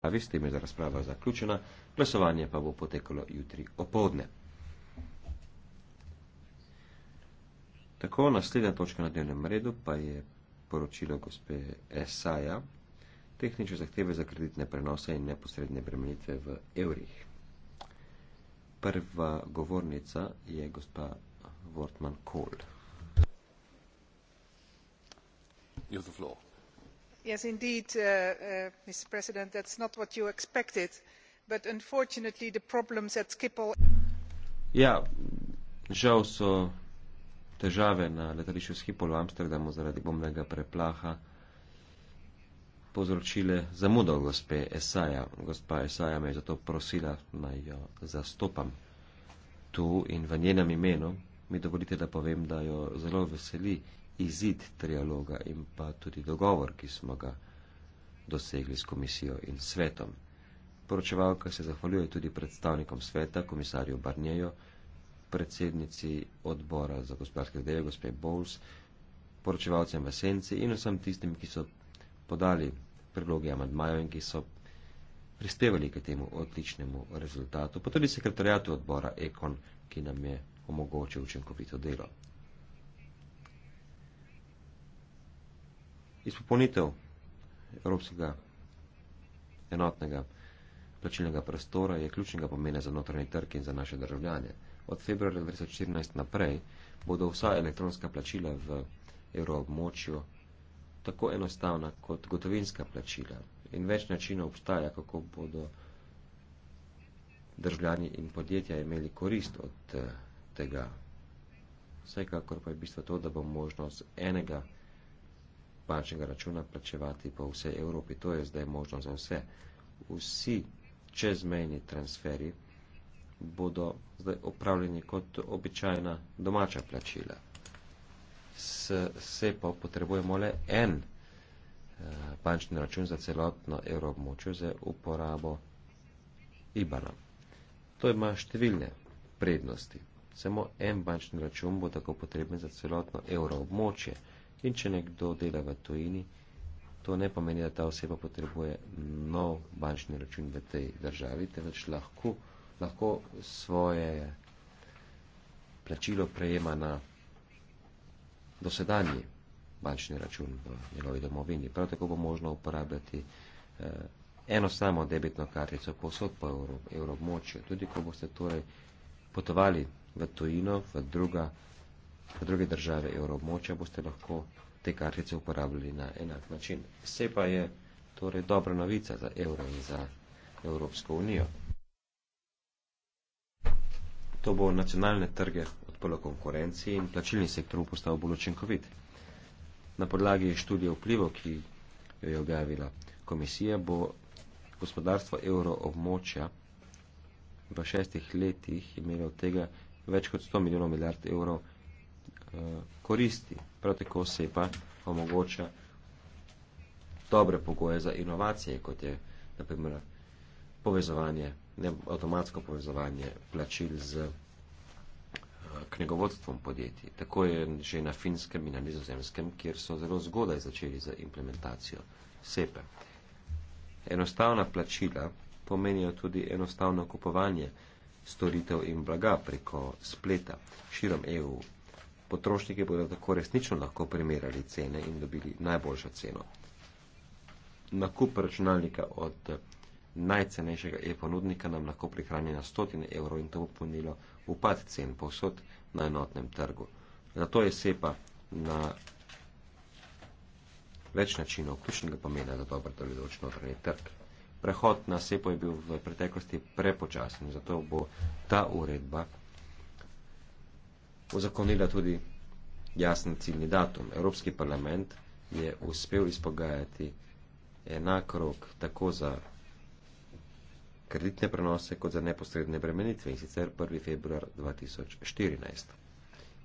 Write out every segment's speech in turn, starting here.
pravi, s tem je razprava zaključena, glasovanje pa bo potekalo jutri opovdne. Tako, naslednja točka na dnevnem redu pa je poročilo gospe Esaja, tehnične zahteve za kreditne prenose in neposredne bremenitve v evrih. Prva govornica je gospa Wortmann Kohl. You have the floor yes indeed uh, uh, mr president that is not what you expected but unfortunately the problems at schiphol. ja žal so težave na letališču schiphol v amsterdamu zaradi bombnega preplaha povzročile zamudo gospe esaja gospa esaja me je zato prosila naj jo zastopam tu in v njenem imenu mi dovolite da povem da jo zelo veseli izid trialoga in pa tudi dogovor, ki smo ga dosegli s komisijo in svetom. Poročevalka se zahvaljuje tudi predstavnikom sveta, komisarju Barnjeju, predsednici odbora za gospodarske zadeve, gospe Bowles, poročevalcem v senci in vsem tistim, ki so podali predloge amadmajev in ki so prispevali k temu odličnemu rezultatu, pa tudi sekretarjatu odbora Ekon, ki nam je omogočil učinkovito delo. izpopolnitev evropskega enotnega plačilnega prostora je ključnega pomena za notranji trg in za naše državljanje. Od februarja 2014 naprej bodo vsa elektronska plačila v evroobmočju tako enostavna kot gotovinska plačila in več načinov obstaja, kako bodo državljani in podjetja imeli korist od eh, tega. Vsekakor pa je bistvo to, da bo možnost enega bančnega računa plačevati po vsej Evropi. To je zdaj možno za vse. Vsi čezmejni transferi bodo zdaj opravljeni kot običajna domača plačila. S, se pa potrebujemo le en eh, bančni račun za celotno evroobmočjo za uporabo IBANA. To ima številne prednosti. Samo en bančni račun bo tako potreben za celotno evroobmočje. In če nekdo dela v tujini, to ne pomeni, da ta oseba potrebuje nov bančni račun v tej državi, temveč lahko, lahko svoje plačilo prejema na dosedanji bančni račun v njegovi domovini. Prav tako bo možno uporabljati eh, eno samo debitno kartico posod po evro, evro območju. Tudi ko boste torej potovali v tujino, v druga v druge države evroobmočja boste lahko te kartice uporabljali na enak način. Vse pa je torej dobra novica za evro in za Evropsko unijo. To bo nacionalne trge odprlo konkurenciji in plačilni sektor bo postal bolj učinkovit. Na podlagi študije vplivov, ki jo je objavila komisija, bo gospodarstvo evroobmočja v šestih letih imelo od tega več kot 100 milijonov milijard evrov Eh, koristi. Prav tako se pa omogoča dobre pogoje za inovacije, kot je naprimer povezovanje, ne, avtomatsko povezovanje plačil z eh, knjigovodstvom podjetij. Tako je že na finskem in na nizozemskem, kjer so zelo zgodaj začeli z implementacijo SEPE. Enostavna plačila pomenijo tudi enostavno kupovanje storitev in blaga preko spleta širom EU Potrošniki bodo tako resnično lahko primerjali cene in dobili najboljšo ceno. Nakup računalnika od najcenejšega e-ponudnika nam lahko prihrani na stotine evrov in to bo pomenilo upad cen povsod na enotnem trgu. Zato je SEPA na več načinov ključnega pomena za dober delujoč notranji trg. Prehod na SEPO je bil v preteklosti prepočasen, zato bo ta uredba ozakonila tudi jasen ciljni datum. Evropski parlament je uspel izpogajati enak rok tako za kreditne prenose kot za neposredne bremenitve in sicer 1. februar 2014.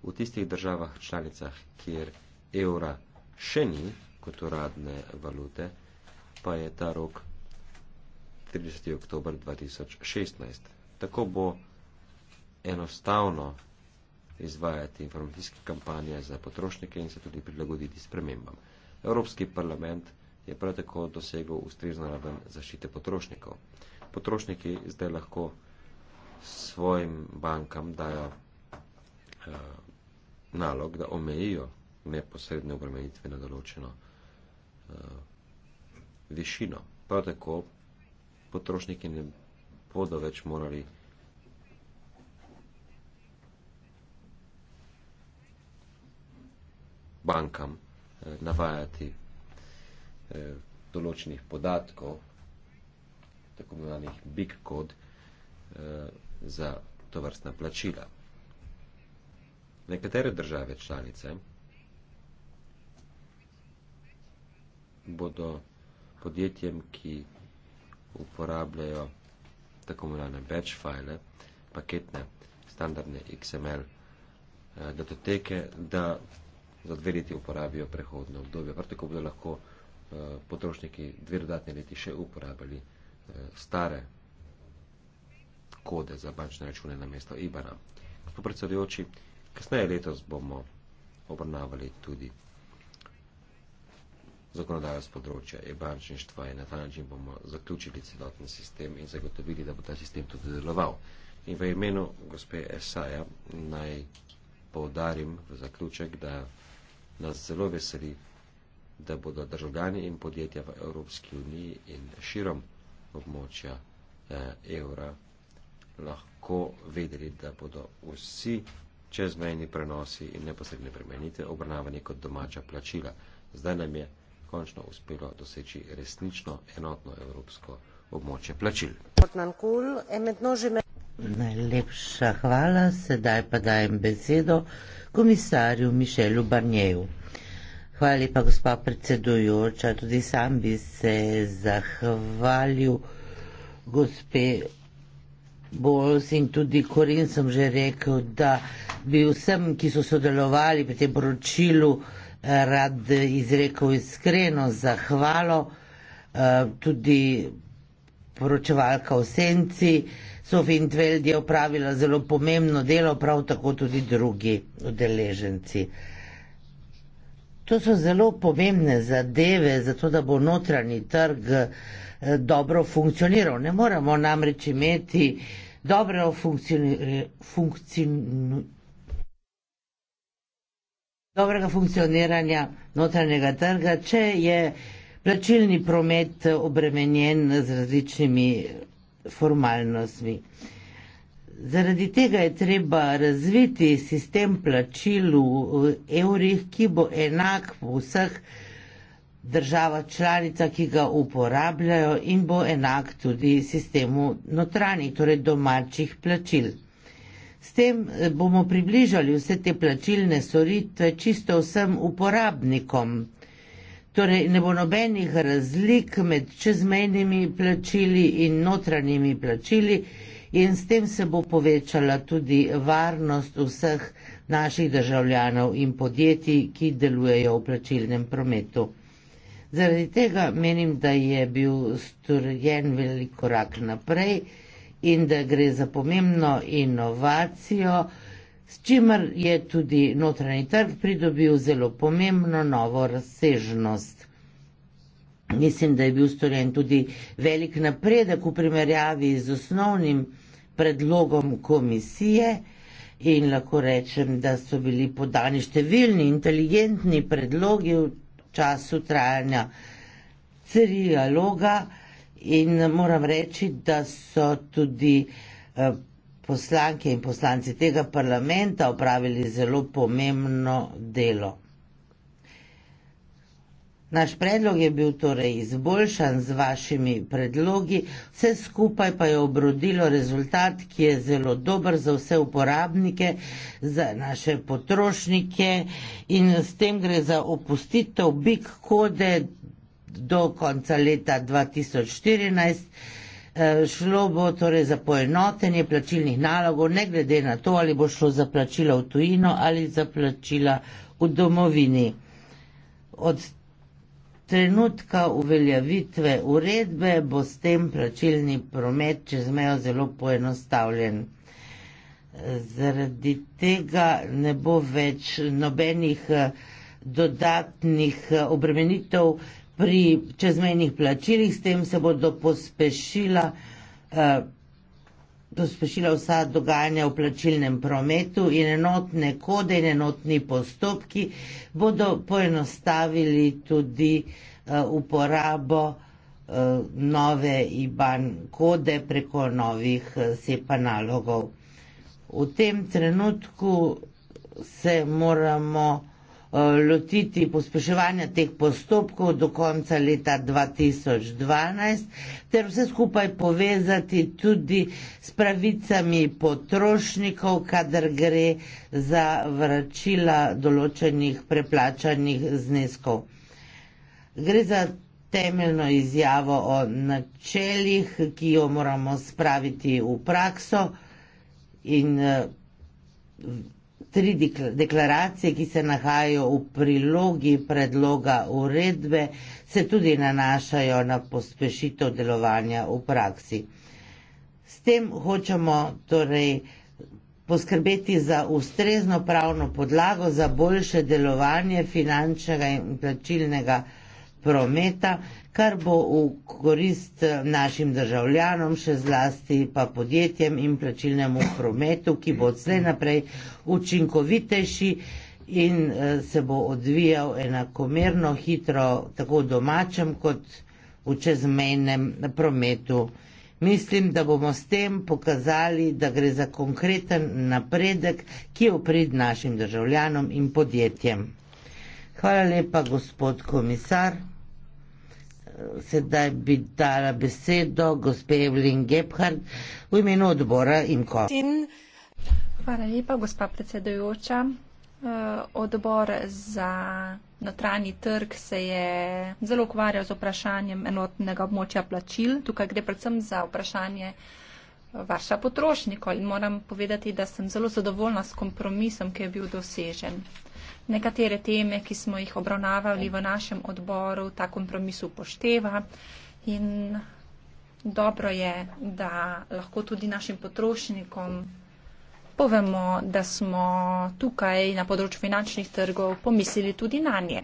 V tistih državah članicah, kjer evra še ni kot uradne valute, pa je ta rok 30. oktober 2016. Tako bo enostavno izvajati informacijske kampanje za potrošnike in se tudi prilagoditi spremembam. Evropski parlament je prav tako dosegel ustrezno raven zaščite potrošnikov. Potrošniki zdaj lahko svojim bankam dajo eh, nalog, da omejijo neposredne obremenitve na določeno eh, višino. Prav tako potrošniki ne bodo več morali bankam eh, navajati eh, določenih podatkov, tako imenovanih big kod eh, za to vrstna plačila. Nekatere države članice bodo podjetjem, ki uporabljajo tako imenovane batch file, paketne, standardne XML datoteke, da za dve leti uporabijo prehodno obdobje. Prav tako bodo lahko eh, potrošniki dve dodatne leti še uporabljali eh, stare kode za bančne račune na mesto IBAN-a. Gospod predsedujoči, kasneje letos bomo obravnavali tudi zakonodajo z področja e-bančništva in na ta način bomo zaključili celoten sistem in zagotovili, da bo ta sistem tudi deloval. In v imenu gospe Esaja naj poudarim v zaključek, da nas zelo veseli, da bodo državljani in podjetja v Evropski uniji in širom območja eh, evra lahko vedeli, da bodo vsi čezmejni prenosi in neposredne premenitve obravnavani kot domača plačila. Zdaj nam je končno uspelo doseči resnično enotno evropsko območje plačil. Najlepša hvala, sedaj pa dajem besedo komisarju Mišelu Barnjeju. Hvala lepa, gospa predsedujoča, tudi sam bi se zahvalil gospe Bols in tudi Korin sem že rekel, da bi vsem, ki so sodelovali pri tem poročilu, rad izrekel iskreno zahvalo, eh, tudi poročevalka v senci, Sofintveld je opravila zelo pomembno delo, prav tako tudi drugi udeleženci. To so zelo pomembne zadeve, zato da bo notranji trg eh, dobro funkcioniral. Ne moramo namreč imeti dobro funkcioniranja, dobrega funkcioniranja notranjega trga, če je plačilni promet obremenjen z različnimi formalnostmi. Zaradi tega je treba razviti sistem plačil v evrih, ki bo enak v vseh državah članica, ki ga uporabljajo in bo enak tudi sistemu notranjih, torej domačih plačil. S tem eh, bomo približali vse te plačilne storitve čisto vsem uporabnikom Torej, ne bo nobenih razlik med čezmejnimi plačili in notranjimi plačili in s tem se bo povečala tudi varnost vseh naših državljanov in podjetij, ki delujejo v plačilnem prometu. Zaradi tega menim, da je bil storjen velik korak naprej in da gre za pomembno inovacijo, s čimer je tudi notranji trg pridobil zelo pomembno novo razsežnost. Mislim, da je bil storjen tudi velik napredek v primerjavi z osnovnim predlogom komisije in lahko rečem, da so bili podani številni inteligentni predlogi v času trajanja trialoga in moram reči, da so tudi eh, poslanke in poslanci tega parlamenta opravili zelo pomembno delo. Naš predlog je bil torej izboljšan z vašimi predlogi, vse skupaj pa je obrodilo rezultat, ki je zelo dober za vse uporabnike, za naše potrošnike in s tem gre za opustitev big kode do konca leta 2014. Eh, šlo bo torej za poenotenje plačilnih nalogov, ne glede na to, ali bo šlo za plačila v tujino ali za plačila v domovini. Od trenutka uveljavitve uredbe bo s tem plačilni promet čez mejo zelo poenostavljen. Zaradi tega ne bo več nobenih eh, dodatnih eh, obremenitev pri čezmejnih plačilih, s tem se bodo pospešila, eh, pospešila vsa dogajanja v plačilnem prometu in enotne kode in enotni postopki bodo poenostavili tudi eh, uporabo eh, nove IBAN kode preko novih eh, SEPA nalogov. V tem trenutku se moramo Eh, lotiti pospeševanja teh postopkov do konca leta 2012 ter vse skupaj povezati tudi s pravicami potrošnikov, kadar gre za vračila določenih preplačanih zneskov. Gre za temeljno izjavo o načeljih, ki jo moramo spraviti v prakso in eh, tri deklaracije, ki se nahajajo v prilogi predloga uredbe, se tudi nanašajo na pospešitev delovanja v praksi. S tem hočemo torej poskrbeti za ustrezno pravno podlago za boljše delovanje finančnega in plačilnega sistema prometa, kar bo v korist našim državljanom, še zlasti pa podjetjem in plačilnemu prometu, ki bo odslej naprej učinkovitejši in eh, se bo odvijal enakomerno hitro tako v domačem kot v čezmejnem prometu. Mislim, da bomo s tem pokazali, da gre za konkreten napredek, ki je oprid našim državljanom in podjetjem. Hvala lepa, gospod komisar sedaj bi dala besedo gospe Evelin Gebhardt v imenu odbora IMKO. Hvala lepa, gospa predsedujoča. Eh, odbor za notranji trg se je zelo ukvarjal z vprašanjem enotnega območja plačil. Tukaj gre predvsem za vprašanje eh, vaša potrošnikov in moram povedati, da sem zelo zadovoljna s kompromisom, ki je bil dosežen nekatere teme, ki smo jih obravnavali v našem odboru, ta kompromis upošteva. In dobro je, da lahko tudi našim potrošnikom povemo, da smo tukaj na področju finančnih trgov pomislili tudi na nje.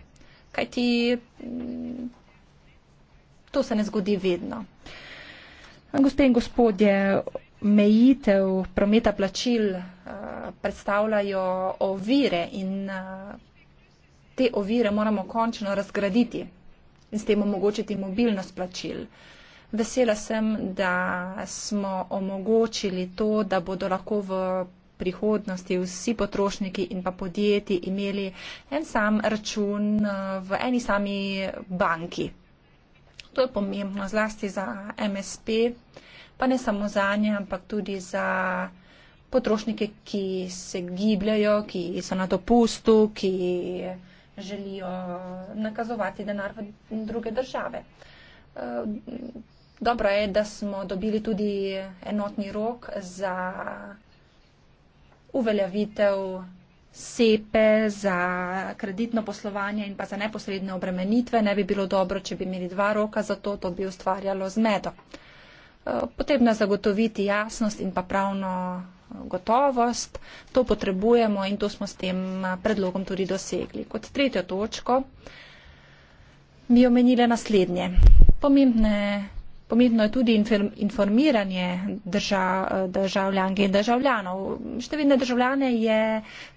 Kajti mm, to se ne zgodi vedno. Gospe in gospodje, omejitev prometa plačil eh, predstavljajo ovire in eh, te ovire moramo končno razgraditi in s tem omogočiti mobilnost plačil. Vesela sem, da smo omogočili to, da bodo lahko v prihodnosti vsi potrošniki in pa podjetji imeli en sam račun eh, v eni sami banki. To je pomembno zlasti za MSP pa ne samo za nje, ampak tudi za potrošnike, ki se gibljajo, ki so na dopustu, ki želijo nakazovati denar v druge države. Eh, dobro je, da smo dobili tudi enotni rok za uveljavitev sepe za kreditno poslovanje in pa za neposredne obremenitve. Ne bi bilo dobro, če bi imeli dva roka za to, to bi ustvarjalo zmedo potrebno zagotoviti jasnost in pa pravno gotovost. To potrebujemo in to smo s tem eh, predlogom tudi dosegli. Kot tretjo točko bi omenile naslednje. Pomembne, pomembno je tudi informiranje držav, državljanke in državljanov. Številne državljane je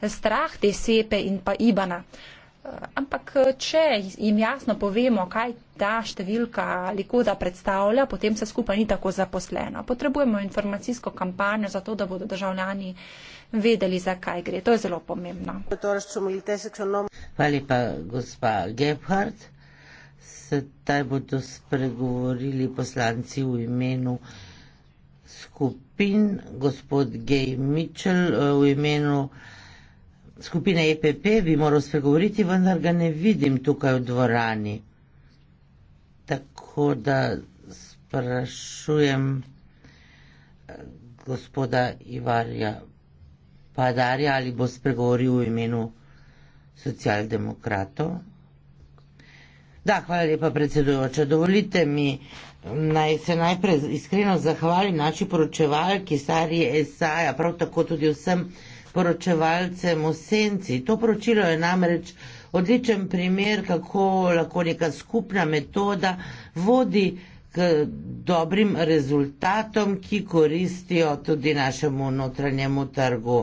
strah te sepe in pa ibana. Ampak, če jim jasno povemo, kaj ta številka ali koda predstavlja, potem se skupaj ni tako zaposleno. Potrebujemo informacijsko kampanjo za to, da bodo državljani vedeli, za kaj gre. To je zelo pomembno. Hvala lepa, gospa Gebhardt. Sedaj bodo spregovorili poslanci v imenu skupin, gospod Gej Mičel eh, v imenu skupine EPP bi moral spregovoriti, vendar ga ne vidim tukaj v dvorani. Tako da sprašujem eh, gospoda Ivarja Padarja, ali bo spregovoril v imenu socialdemokratov. Da, hvala lepa predsedujoča. Dovolite mi, naj se najprej iskreno zahvalim naši poročevalki, Sarji Esaja, prav tako tudi vsem, poročevalcem v senci. To poročilo je namreč odličen primer, kako lahko neka skupna metoda vodi k dobrim rezultatom, ki koristijo tudi našemu notranjemu trgu.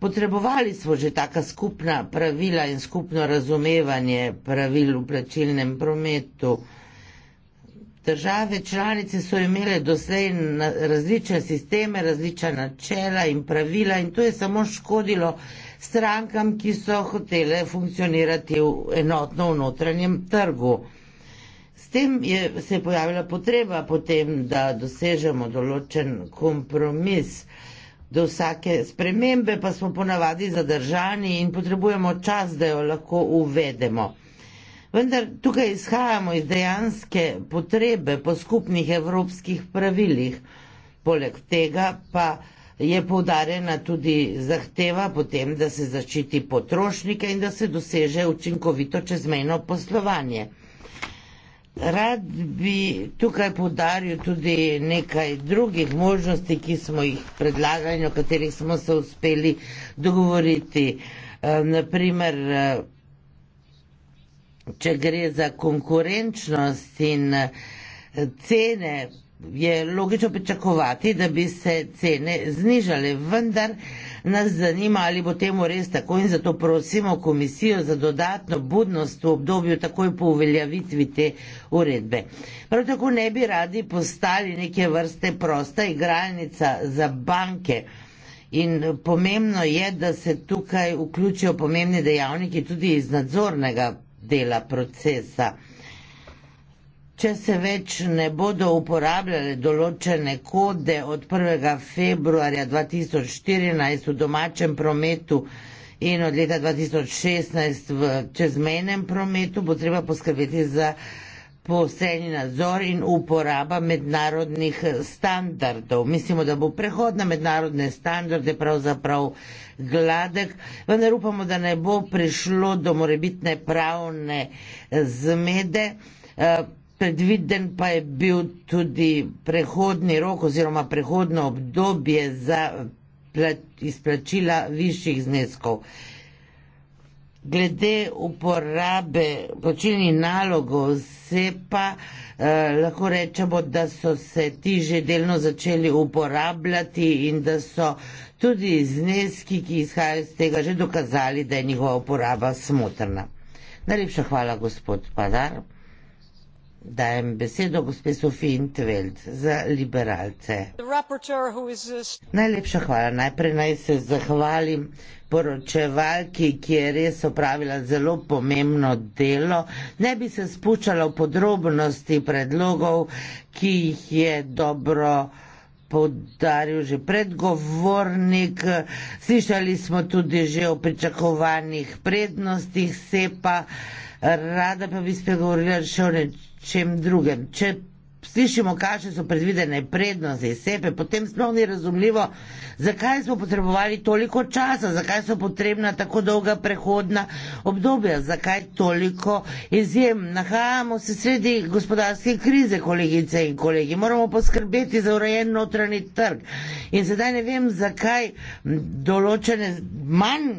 Potrebovali smo že taka skupna pravila in skupno razumevanje pravil v plačilnem prometu. Države članice so imele doslej različne sisteme, različna načela in pravila in to je samo škodilo strankam, ki so hotele funkcionirati v enotno notranjem trgu. S tem je, se je pojavila potreba potem, da dosežemo določen kompromis. Do vsake spremembe pa smo ponavadi zadržani in potrebujemo čas, da jo lahko uvedemo. Vendar tukaj izhajamo iz dejanske potrebe po skupnih evropskih pravilih. Poleg tega pa je povdarjena tudi zahteva potem, da se zaščiti potrošnike in da se doseže učinkovito čezmejno poslovanje. Rad bi tukaj podaril tudi nekaj drugih možnosti, ki smo jih predlagali, o katerih smo se uspeli dogovoriti. Eh, Naprimer, eh, če gre za konkurenčnost in eh, cene, je logično pričakovati, da bi se cene znižale, vendar nas zanima, ali bo temu res tako in zato prosimo komisijo za dodatno budnost v obdobju takoj po uveljavitvi te uredbe. Prav tako ne bi radi postali neke vrste prosta igralnica za banke. In eh, pomembno je, da se tukaj vključijo pomembni dejavniki tudi iz nadzornega dela procesa. Če se več ne bodo uporabljale določene kode od 1. februarja 2014 v domačem prometu in od leta 2016 v čezmejnem prometu, bo treba poskrbeti za poseni nadzor in uporaba mednarodnih standardov. Mislimo, da bo prehod na mednarodne standarde pravzaprav gladek, vendar upamo, da ne bo prišlo do morebitne pravne zmede. Eh, predviden pa je bil tudi prehodni rok oziroma prehodno obdobje za izplačila višjih zneskov. Glede uporabe plačilnih nalogov se pa eh, lahko rečemo, da so se ti že delno začeli uporabljati in da so tudi zneski, ki izhajajo iz tega, že dokazali, da je njihova uporaba smotrna. Najlepša hvala, gospod Padar. Dajem besedo gospe Sofiji Intveld za liberalce. Uh, Najlepša hvala. Najprej naj se zahvalim poročevalki, ki je res opravila zelo pomembno delo. Ne bi se spuščala v podrobnosti predlogov, ki jih je dobro podaril že predgovornik. Slišali smo tudi že o pričakovanih prednostih sepa. Rada pa bi spregovorila še o nečem čem drugem. Če slišimo, kakšne so predvidene prednosti sebe, potem sploh ni razumljivo, zakaj smo potrebovali toliko časa, zakaj so potrebna tako dolga prehodna obdobja, zakaj toliko izjem. Nahajamo se sredi gospodarske krize, kolegice in kolegi. Moramo poskrbeti za urejen notranji trg. In sedaj ne vem, zakaj določene manj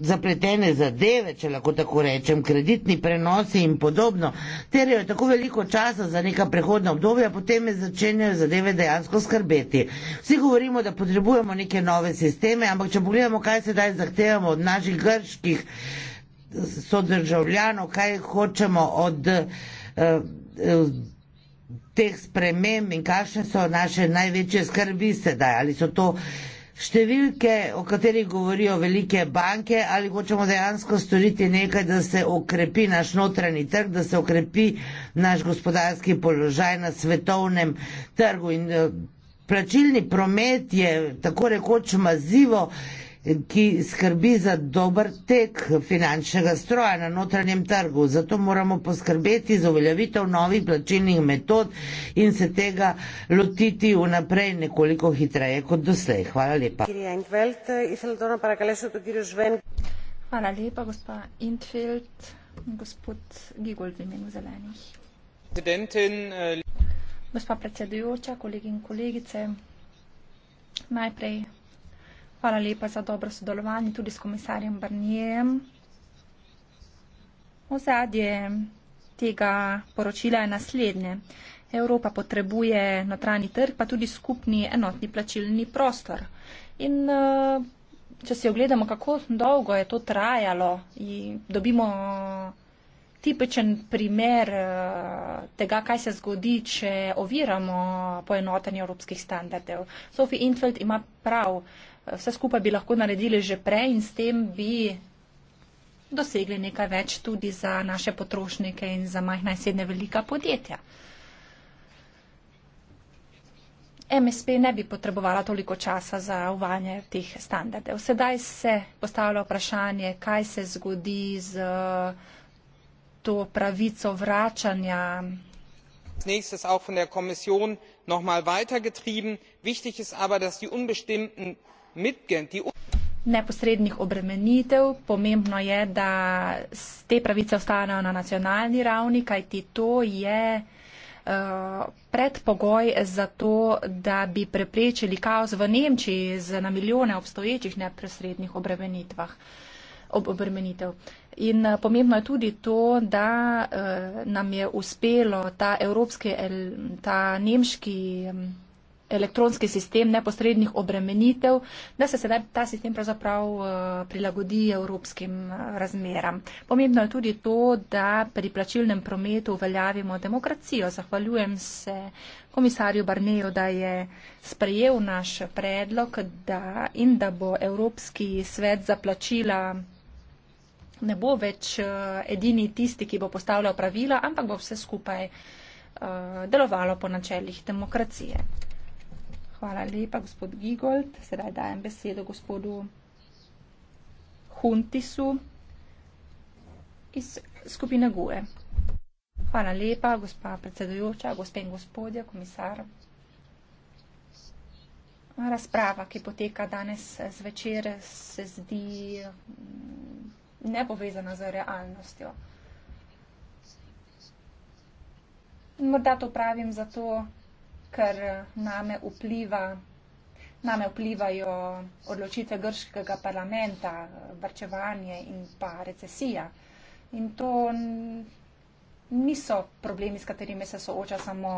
zapletene zadeve, če lahko tako rečem, kreditni prenosi in podobno, terjajo tako veliko časa za neka prehodna obdobja, potem me začenjajo zadeve dejansko skrbeti. Vsi govorimo, da potrebujemo neke nove sisteme, ampak če pogledamo, kaj se daj zahtevamo od naših grških sodržavljanov, kaj hočemo od uh, uh, teh sprememb in kakšne so naše največje skrbi sedaj, ali so to uh, številke, o katerih govorijo velike banke, ali hočemo dejansko storiti nekaj, da se okrepi naš notranji trg, da se okrepi naš gospodarski položaj na svetovnem trgu. In eh, plačilni promet je tako rekoč mazivo, ki skrbi za dober tek finančnega stroja na notranjem trgu. Zato moramo poskrbeti za uveljavitev novih plačilnih metod in se tega lotiti vnaprej nekoliko hitreje kot doslej. Hvala lepa. Hvala lepa, gospa Intfeld, gospod Gigol v imenu zelenih. Eh, gospa predsedujoča, kolegi in kolegice, najprej Hvala lepa za dobro sodelovanje tudi s komisarjem Barnijem. Ozadje tega poročila je naslednje. Evropa potrebuje notranji trg, pa tudi skupni enotni plačilni prostor. In eh, če si ogledamo, kako dolgo je to trajalo, dobimo tipičen primer eh, tega, kaj se zgodi, če oviramo poenotenje evropskih standardev. Sofi Intfeld ima prav vse skupaj bi lahko naredili že prej in s tem bi dosegli nekaj več tudi za naše potrošnike in za majhna in srednja velika podjetja. MSP ne bi potrebovala toliko časa za uvajanje teh standardov. Sedaj se postavlja vprašanje, kaj se zgodi z to pravico vračanja noch einmal weitergetrieben. wichtig ist aber dass die unbestimmten neposrednih obremenitev, pomembno je, da te pravice ostanejo na nacionalni ravni, kajti to je uh, predpogoj za to, da bi preprečili kaos v Nemčiji z na milijone obstoječih neposrednih obremenitvah. Uh, obremenitev. In eh, pomembno je tudi to, da eh, nam je uspelo ta evropski, ta nemški mm, elektronski sistem neposrednih obremenitev, da se sedaj ta sistem pravzaprav eh, prilagodi evropskim razmeram. Pomembno je tudi to, da pri plačilnem prometu uveljavimo demokracijo. Zahvaljujem se komisarju Barneju, da je sprejel naš predlog da in da bo Evropski svet za plačila ne bo več eh, edini tisti, ki bo postavljal pravila, ampak bo vse skupaj eh, delovalo po načeljih demokracije. Hvala lepa, gospod Gigold. Sedaj dajem besedo gospodu Huntisu iz skupine GUE. Hvala lepa, gospa predsedujoča, gospe in gospodje, komisar. Razprava, ki poteka danes eh, zvečer, se zdi nepovezana z realnostjo. Morda to pravim zato, ker name, vpliva, name vplivajo odločitve grškega parlamenta, vrčevanje in pa recesija. In to niso problemi, s katerimi se sooča samo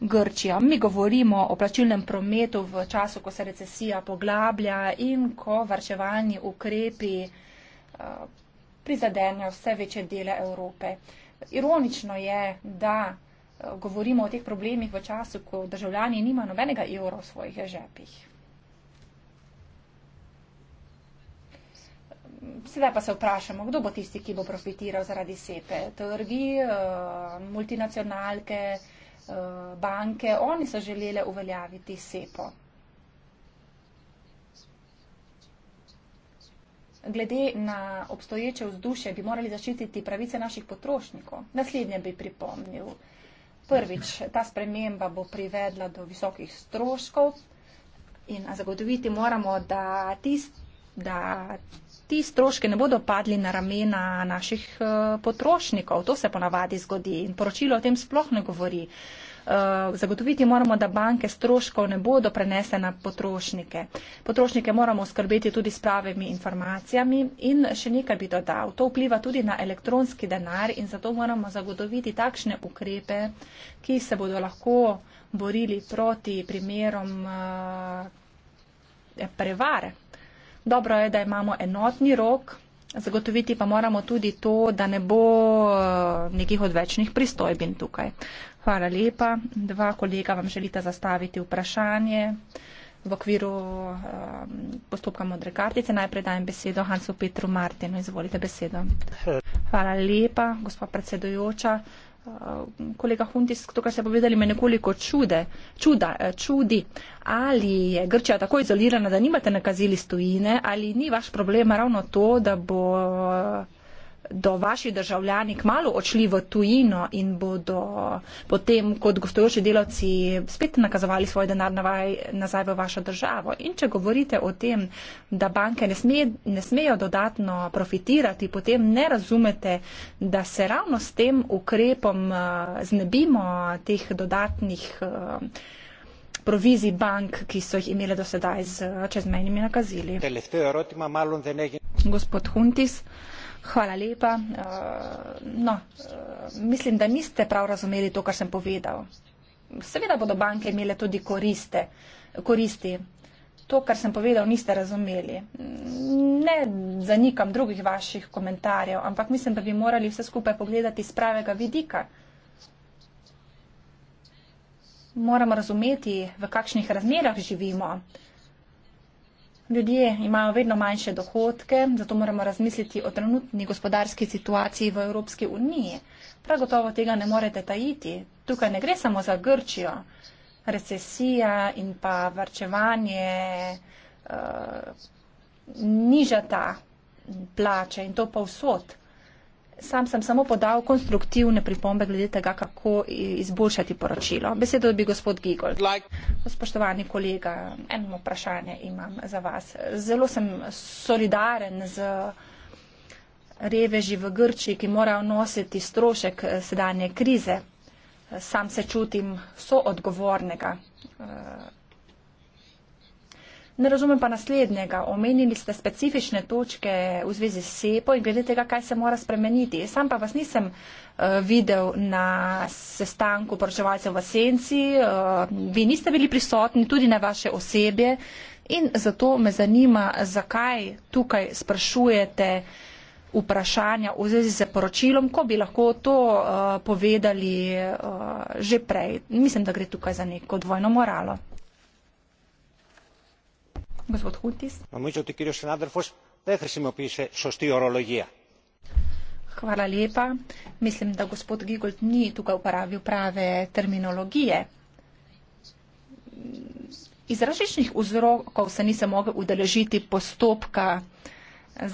Grčija. Mi govorimo o plačilnem prometu v času, ko se recesija poglablja in ko vrčevalni ukrepi prizadenja vse večje dele Evrope. Ironično je, da eh, govorimo o teh problemih v času, ko državljani nimajo nobenega evra v svojih žepih. Sedaj pa se vprašamo, kdo bo tisti, ki bo profitiral zaradi sepe. Trgi, eh, multinacionalke, eh, banke, oni so želeli uveljaviti sepo. glede na obstoječe vzdušje bi morali zaščititi pravice naših potrošnikov. Naslednje bi pripomnil. Prvič, ta sprememba bo privedla do visokih stroškov in zagotoviti moramo, da ti, da ti stroške ne bodo padli na ramena naših eh, potrošnikov. To se ponavadi zgodi in poročilo o tem sploh ne govori. Uh, Eh, zagotoviti moramo, da banke stroškov ne bodo prenese na potrošnike. Potrošnike moramo skrbeti tudi s pravimi informacijami in še nekaj bi dodal. To vpliva tudi na elektronski denar in zato moramo zagotoviti takšne ukrepe, ki se bodo lahko borili proti primerom eh, prevare. Dobro je, da imamo enotni rok Zagotoviti pa moramo tudi to, da ne bo eh, nekih odvečnih pristojbin tukaj. Hvala lepa. Dva kolega vam želita zastaviti vprašanje v okviru um, postopka modre kartice. Najprej dajem besedo Hansu Petru Martinu. Izvolite besedo. Hvala lepa, gospod predsedujoča. Eh, kolega Huntis, to, kar ste povedali, me nekoliko čude, čuda, eh, čudi, ali je Grčija tako izolirana, da nimate nakazili stojine, ali ni vaš problem ravno to, da bo do vaši državljani kmalo odšli v tujino in bodo potem kot gostujoči delavci spet nakazovali svoj denar nazaj v vašo državo. In če govorite o tem, da banke ne, sme, ne smejo dodatno profitirati, potem ne razumete, da se ravno s tem ukrepom eh, znebimo teh dodatnih eh, provizij bank, ki so jih imele do sedaj z eh, čezmejnimi nakazili. Gospod Huntis. Hvala lepa. Eh, no, eh, mislim, da niste prav razumeli to, kar sem povedal. Seveda bodo banke imele tudi koriste, koristi. To, kar sem povedal, niste razumeli. Ne zanikam drugih vaših komentarjev, ampak mislim, da bi morali vse skupaj pogledati z pravega vidika. Moramo razumeti, v kakšnih razmerah živimo. Ljudje imajo vedno manjše dohodke, zato moramo razmisliti o trenutni gospodarski situaciji v Evropski uniji. Prav gotovo tega ne morete tajiti. Tukaj ne gre samo za Grčijo. Recesija in pa varčevanje uh, nižata plače in to povsod. Sam sem samo podal konstruktivne pripombe glede tega, kako izboljšati poročilo. Besedo dobi gospod Gigol. Spoštovani kolega, eno vprašanje imam za vas. Zelo sem solidaren z reveži v Grčiji, ki morajo nositi strošek eh, sedanje krize. Sam se čutim soodgovornega. Eh, Ne razumem pa naslednjega. Omenili ste specifične točke v zvezi s SEPO in glede tega, kaj se mora spremeniti. Sam pa vas nisem eh, videl na sestanku poročevalcev v Senci. Eh, vi niste bili prisotni tudi na vaše osebje in zato me zanima, zakaj tukaj sprašujete vprašanja v zvezi s poročilom, ko bi lahko to eh, povedali že prej. Mislim, da gre tukaj za neko dvojno moralo nomiže ότι ο κύριος συνάδελφος δεν χρησιμοποίησε σωστή ορολογία. Hvala lepa. Mislim, da gospod Gigold ni tukaj uporabil prave terminologije. Iz različnih vzrokov se nisem mogel udeležiti postopka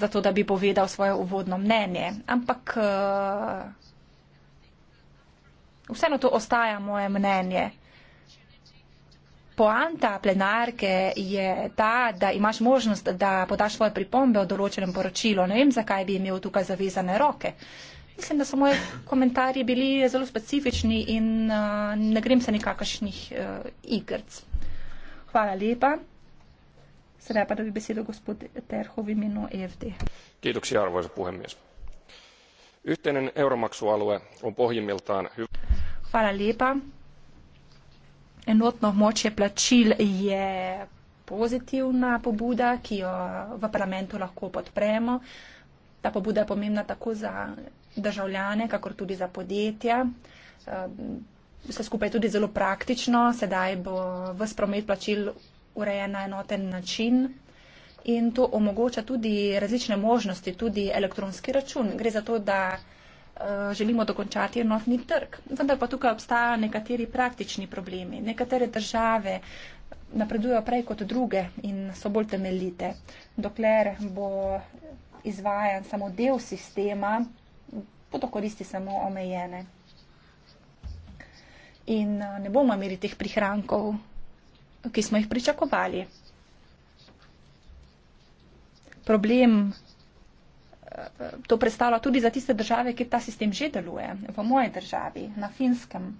zato, da bi povedal svoje uvodno mnenje. Ampak eh, vseeno to ostaja moje mnenje poanta plenarke je ta, da imaš možnost, da podaš svoje pripombe o določenem poročilu. Ne vem, zakaj bi imel tukaj zavezane roke. Mislim, da so moje komentarje bili zelo specifični in uh, ne grem se nikakršnih uh, igrc. Hvala lepa. Sedaj pa da bi besedo gospod Terhov imenu EFD. Kiitoksi, arvoisa puhemies. Yhteinen euromaksualue on pohjimmiltaan hyvä. Hvala lepa enotno območje plačil je pozitivna pobuda, ki jo v parlamentu lahko podpremo. Ta pobuda je pomembna tako za državljane, kakor tudi za podjetja. Ehm, vse skupaj je tudi zelo praktično, sedaj bo vse promet plačil urejen na enoten način in to omogoča tudi različne možnosti, tudi elektronski račun. Gre za to, da Eh, želimo dokončati enotni trg. Vendar pa tukaj obstajajo nekateri praktični problemi. Nekatere države napredujejo prej kot druge in so bolj temeljite. Dokler bo izvajan samo del sistema, bodo koristi samo omejene. In eh, ne bomo imeli teh prihrankov, ki smo jih pričakovali. Problem to predstavlja tudi za tiste države, ki ta sistem že deluje. V moji državi, na finskem,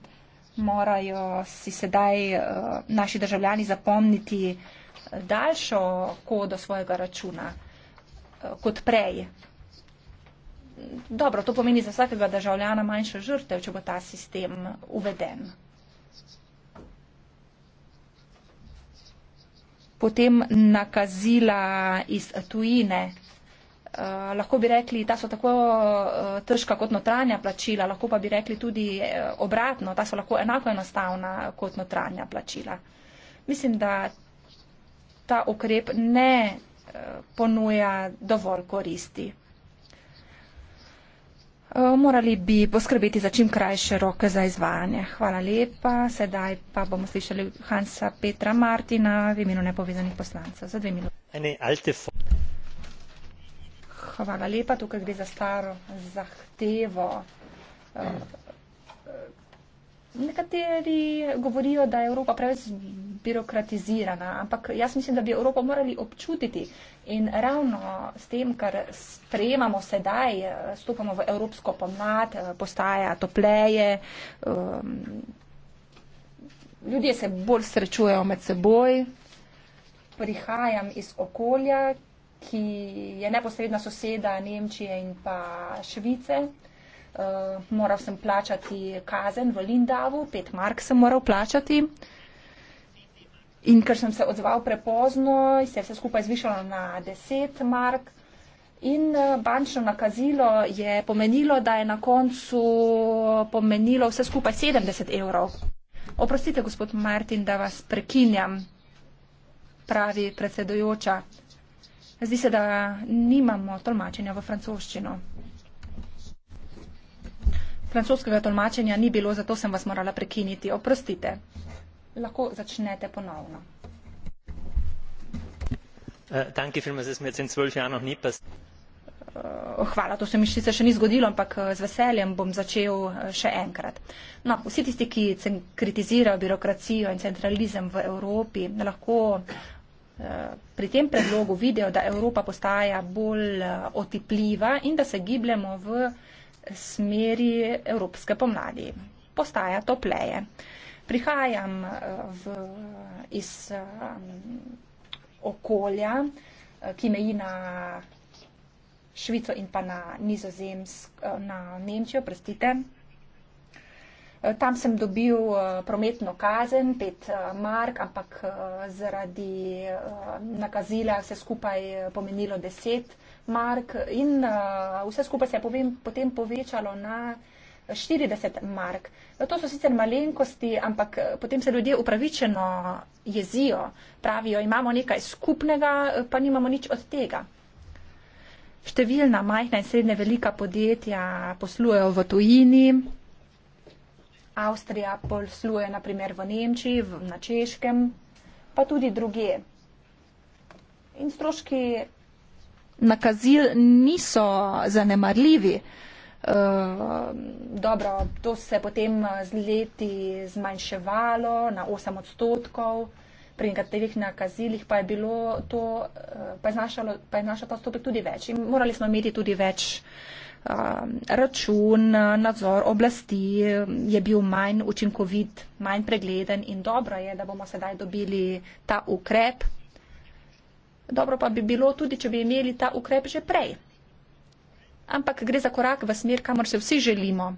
morajo si sedaj eh, naši državljani zapomniti eh, daljšo kodo svojega računa eh, kot prej. Dobro, to pomeni za vsakega državljana manjšo žrtev, če bo ta sistem uveden. Potem nakazila iz tujine. Eh, lahko bi rekli, ta so tako uh, težka kot notranja plačila, lahko pa bi rekli tudi uh, obratno, ta so lahko enako enostavna kot notranja plačila. Mislim, da ta ukrep ne uh, ponuja dovolj koristi. Morali bi poskrbeti za čim krajše roke za izvajanje. Hvala lepa. Sedaj pa bomo slišali Hansa Petra Martina v imenu nepovezanih poslancev za dve minute. Hvala lepa. Tukaj gre za staro zahtevo. Eh, eh, nekateri govorijo, da je Evropa preveč birokratizirana, ampak jaz mislim, da bi Evropo morali občutiti. In ravno s tem, kar sprejemamo sedaj, eh, stopamo v evropsko pomlad, postaja topleje, ljudje se bolj srečujejo med seboj. Prihajam iz okolja, ki je neposredna soseda Nemčije in pa Švice. Uh, moral sem plačati kazen v Lindavu, pet mark sem moral plačati. In ker sem se odzval prepozno, se je vse skupaj zvišalo na deset mark. In eh, bančno nakazilo je pomenilo, da je na koncu pomenilo vse skupaj 70 evrov. Oprostite, gospod Martin, da vas prekinjam, pravi predsedojoča. Zdi se, da nimamo tolmačenja v francoščino. Francoskega tolmačenja ni bilo, zato sem vas morala prekiniti. Oprostite, lahko začnete ponovno. Uh, hvala, to se mi sicer še ni zgodilo, ampak äh, z veseljem bom začel še enkrat. No, vsi tisti, ki kritizirajo birokracijo in centralizem v Evropi, lahko Eh, pri tem predlogu vidijo, da Evropa postaja bolj eh, otipljiva in da se gibljemo v smeri evropske pomladi. Postaja topleje. Prihajam eh, v, iz um, okolja, ki meji na Švico in pa na Nizozemsko, na Nemčijo, prestite. Eh, tam sem dobil eh, prometno kazen, pet eh, mark, ampak zaradi nakazila se skupaj pomenilo deset mark in vse skupaj se je potem povečalo na 40 mark. To so sicer malenkosti, ampak potem se ljudje upravičeno jezijo, pravijo, imamo nekaj skupnega, pa nimamo nič od tega. Številna majhna in srednje velika podjetja poslujejo v tujini. Avstrija posluje naprimer v Nemčiji, v, na Češkem, pa tudi druge. In stroški nakazil niso zanemarljivi. Uh, dobro, to se potem z leti zmanjševalo na 8 odstotkov, pri nekaterih nakazilih pa je bilo to, eh, pa je znašalo, pa je znašalo ta stopek tudi več in morali smo imeti tudi več uh, Um, račun, nadzor oblasti um, je bil manj učinkovit, manj pregleden in dobro je, da bomo sedaj dobili ta ukrep. Dobro pa bi bilo tudi, če bi imeli ta ukrep že prej. Ampak gre za korak v smer, kamor se vsi želimo.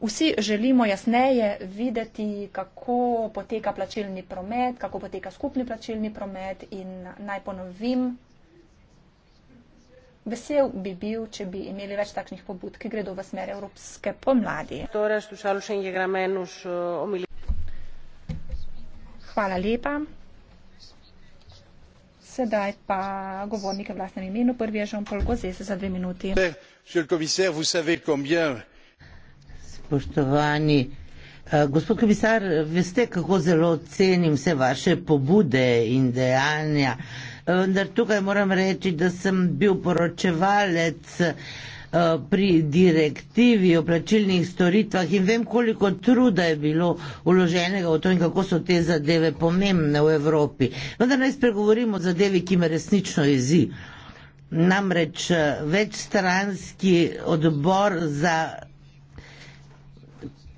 Vsi želimo jasneje videti, kako poteka plačilni promet, kako poteka skupni plačilni promet in naj ponovim, Vesel bi bil, če bi imeli več takšnih pobud, ki gredo v smer evropske pomladi. Hvala lepa. Sedaj pa govornik v lastnem imenu, prvi je Žompol Gozes za dve minuti. Spoštovani, eh, gospod komisar, veste, kako zelo cenim vse vaše pobude in dejanja vendar tukaj moram reči, da sem bil poročevalec eh, pri direktivi o plačilnih storitvah in vem, koliko truda je bilo uloženega v to in kako so te zadeve pomembne v Evropi. Vendar naj spregovorimo o zadevi, ki me resnično jezi. Namreč eh, večstranski odbor za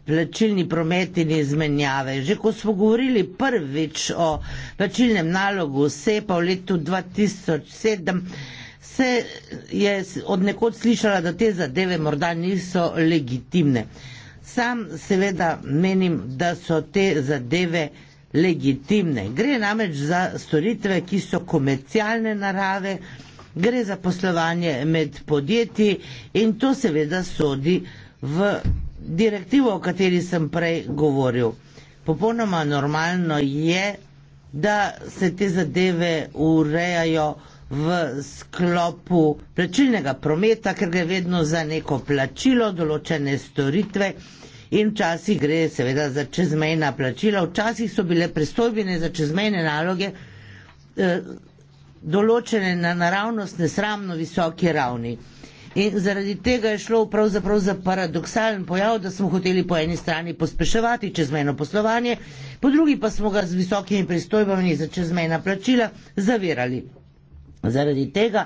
plačilni promet in izmenjave. Že ko smo govorili prvič o plačilnem nalogu SEPA v letu 2007, se je od nekod slišala, da te zadeve morda niso legitimne. Sam seveda menim, da so te zadeve legitimne. Gre namreč za storitve, ki so komercialne narave, gre za poslovanje med podjetji in to seveda sodi v direktivo, o kateri sem prej govoril. Popolnoma normalno je, da se te zadeve urejajo v sklopu plačilnega prometa, ker gre vedno za neko plačilo, določene storitve in včasih gre seveda za čezmejna plačila. Včasih so bile pristojbine za čezmejne naloge eh, določene na naravnost nesramno visoki ravni. In zaradi tega je šlo pravzaprav za paradoksalen pojav, da smo hoteli po eni strani pospeševati čezmeno poslovanje, po drugi pa smo ga z visokimi pristojbami za čezmena plačila zavirali. Zaradi tega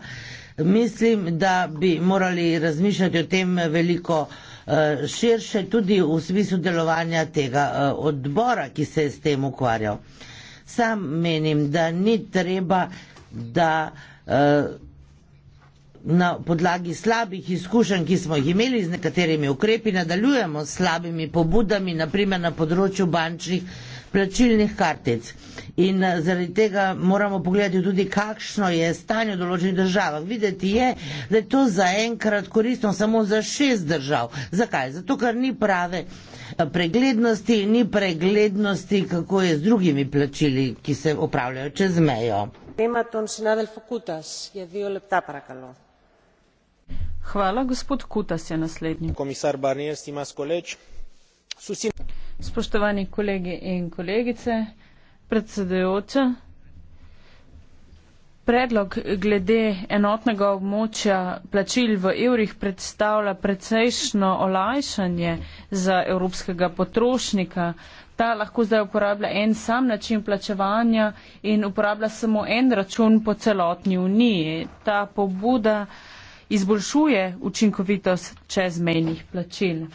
mislim, da bi morali razmišljati o tem veliko eh, širše, tudi v smislu delovanja tega eh, odbora, ki se je s tem ukvarjal. Sam menim, da ni treba, da eh, na podlagi slabih izkušenj, ki smo jih imeli z nekaterimi ukrepi, nadaljujemo s slabimi pobudami, naprimer na področju bančnih plačilnih kartic. In eh, zaradi tega moramo pogledati tudi, kakšno je stanje v določenih državah. Videti je, da je to zaenkrat koristno samo za šest držav. Zakaj? Zato, ker ni prave eh, preglednosti, ni preglednosti, kako je z drugimi plačili, ki se opravljajo čez mejo. Tema Tonsinadel Fokutas je dve lepta, prakalo. Hvala. Gospod Kutas je naslednji. Komisar Barnier, stimas koleč. Susi... Spoštovani kolegi in kolegice, predsedujoča, predlog glede enotnega območja plačil v evrih predstavlja precejšno olajšanje za evropskega potrošnika. Ta lahko zdaj uporablja en sam način plačevanja in uporablja samo en račun po celotni uniji. Ta pobuda izboljšuje učinkovitost čezmejnih plačil.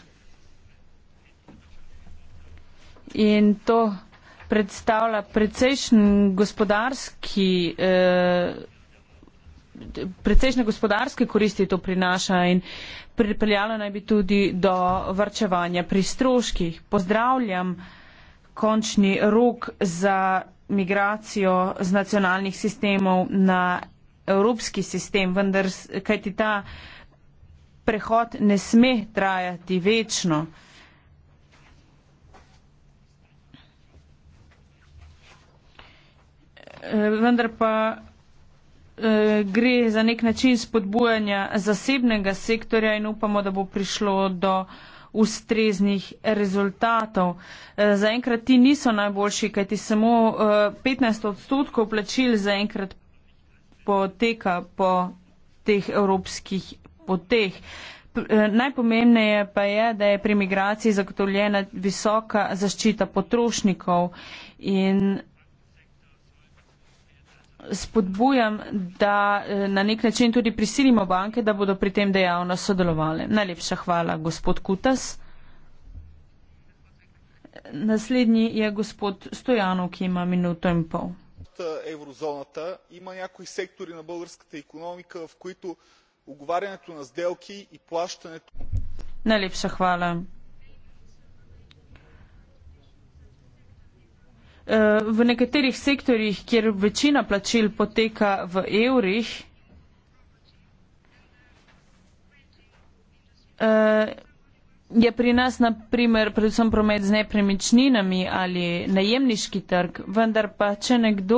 In to predstavlja precejšen gospodarski. Eh, precejšnje gospodarske koristi to prinaša in pripeljalo naj bi tudi do vrčevanja pri stroških. Pozdravljam končni rok za migracijo z nacionalnih sistemov na evropski sistem, vendar kaj ti ta prehod ne sme trajati večno. E, vendar pa e, gre za nek način spodbujanja zasebnega sektorja in upamo, da bo prišlo do ustreznih rezultatov. E, zaenkrat ti niso najboljši, kajti samo 15 odstotkov plačil zaenkrat poteka po teh evropskih poteh. Eh, najpomembneje pa je, da je pri migraciji zagotovljena visoka zaščita potrošnikov in spodbujam, da eh, na nek način tudi prisilimo banke, da bodo pri tem dejavno sodelovali. Najlepša hvala, gospod Kutas. Naslednji je gospod Stojanov, ki ima minuto in pol цялата еврозоната има някои сектори на българската економика, в които оговарянето на сделки и плащането... Najlepša hvala. V nekaterih sektorjih, kjer večina plačil poteka v evrih, je pri nas naprimer predvsem promet z nepremičninami ali najemniški trg, vendar pa če nekdo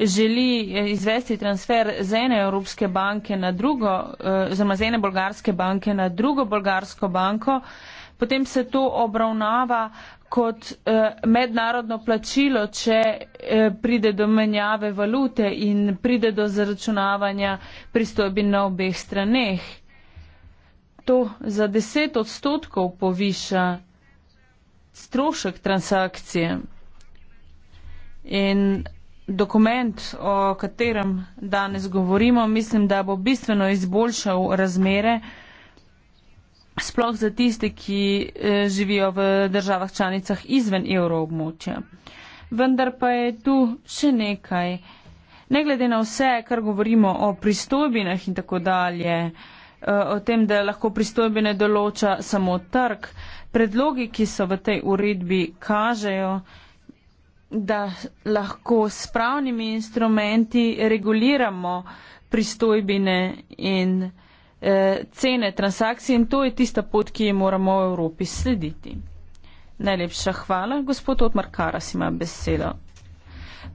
želi eh, izvesti transfer z ene Evropske banke na drugo, eh, oziroma z ene Bolgarske banke na drugo Bolgarsko banko, potem se to obravnava kot eh, mednarodno plačilo, če eh, pride do menjave valute in pride do zaračunavanja pristojbin na obeh straneh to za 10 odstotkov poviša strošek transakcije. In dokument, o katerem danes govorimo, mislim, da bo bistveno izboljšal razmere, sploh za tiste, ki eh, živijo v državah članicah izven evroobmočja. Vendar pa je tu še nekaj. Ne glede na vse, kar govorimo o pristojbinah in tako dalje, Eh, o tem, da lahko pristojbine določa samo trg. Predlogi, ki so v tej uredbi, kažejo, da lahko s pravnimi instrumenti reguliramo pristojbine in e, cene transakcij in to je tista pot, ki jo moramo v Evropi slediti. Najlepša hvala. Gospod Otmar Karas ima besedo.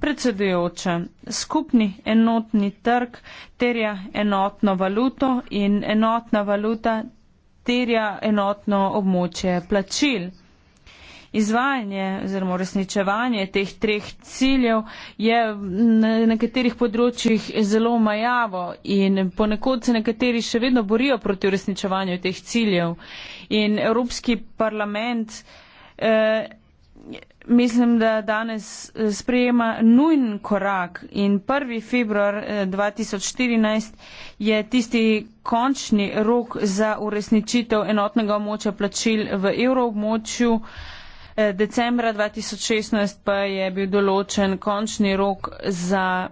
Predsedujoče, skupni enotni trg terja enotno valuto in enotna valuta terja enotno območje plačil. Izvajanje oziroma resničevanje teh treh ciljev je na nekaterih področjih zelo majavo in ponekod se nekateri še vedno borijo proti resničevanju teh ciljev. In Evropski parlament eh, mislim, da danes eh, sprejema nujen korak in 1. februar 2014 eh, je tisti končni rok za uresničitev enotnega območja plačil v evroobmočju. Eh, decembra 2016 pa je bil določen končni rok za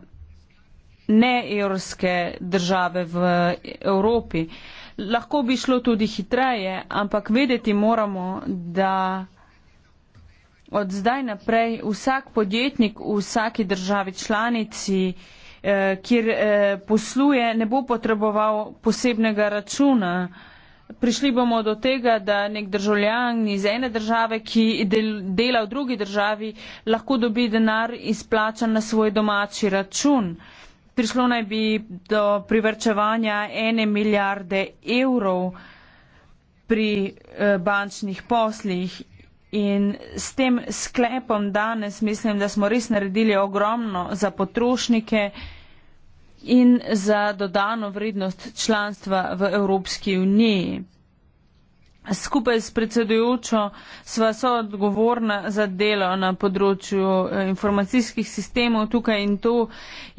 neevropske države v Evropi. Lahko bi šlo tudi hitreje, ampak vedeti moramo, da od zdaj naprej vsak podjetnik v vsaki državi članici, eh, kjer eh, posluje, ne bo potreboval posebnega računa. Prišli bomo do tega, da nek državljan iz ene države, ki dela v drugi državi, lahko dobi denar izplačan na svoj domači račun. Prišlo naj bi do privrčevanja ene milijarde evrov pri eh, bančnih poslih In s tem sklepom danes mislim, da smo res naredili ogromno za potrošnike in za dodano vrednost članstva v Evropski uniji. Skupaj s predsedujočo sva so odgovorna za delo na področju eh, informacijskih sistemov tukaj in to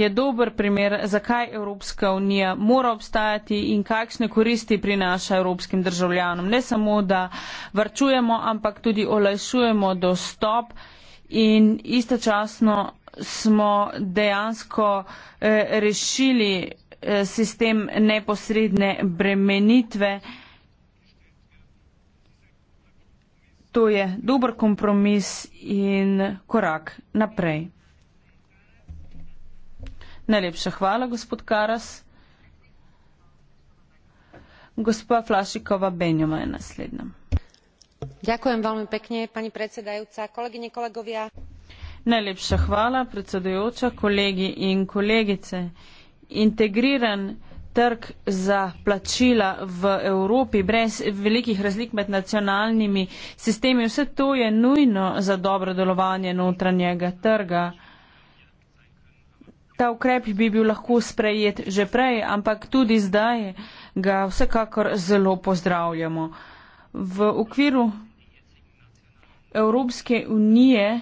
je dober primer, zakaj Evropska unija mora obstajati in kakšne koristi prinaša evropskim državljanom. Ne samo, da varčujemo, ampak tudi olajšujemo dostop in istočasno smo dejansko eh, rešili eh, sistem neposredne bremenitve. to je dober kompromis in korak naprej. Najlepša hvala, gospod Karas. Gospa Flašikova Benjoma je naslednja. Ďakujem veľmi pekne, pani predsedajúca, kolegyne, kolegovia. Najlepša hvala, predsedajúca, kolegi in kolegice. Integriran trg za plačila v Evropi, brez velikih razlik med nacionalnimi sistemi. Vse to je nujno za dobro delovanje notranjega trga. Ta ukrep bi bil lahko sprejet že prej, ampak tudi zdaj ga vsekakor zelo pozdravljamo. V okviru Evropske unije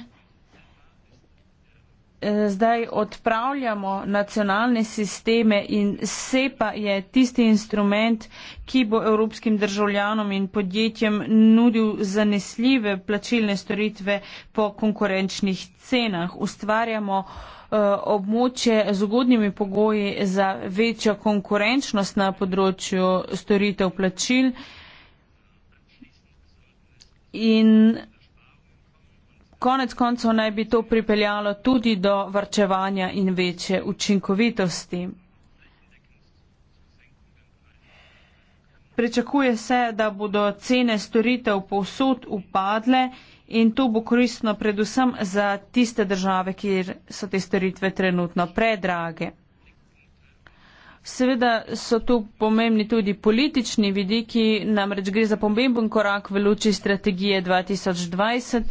zdaj odpravljamo nacionalne sisteme in SEPA je tisti instrument, ki bo evropskim državljanom in podjetjem nudil zanesljive plačilne storitve po konkurenčnih cenah. Ustvarjamo eh, območje z ugodnimi pogoji za večjo konkurenčnost na področju storitev plačil in konec koncev naj bi to pripeljalo tudi do varčevanja in večje učinkovitosti. Pričakuje se, da bodo cene storitev povsod upadle in to bo koristno predvsem za tiste države, kjer so te storitve trenutno predrage. Seveda so tu pomembni tudi politični vidiki, namreč gre za pomemben korak v luči strategije 2020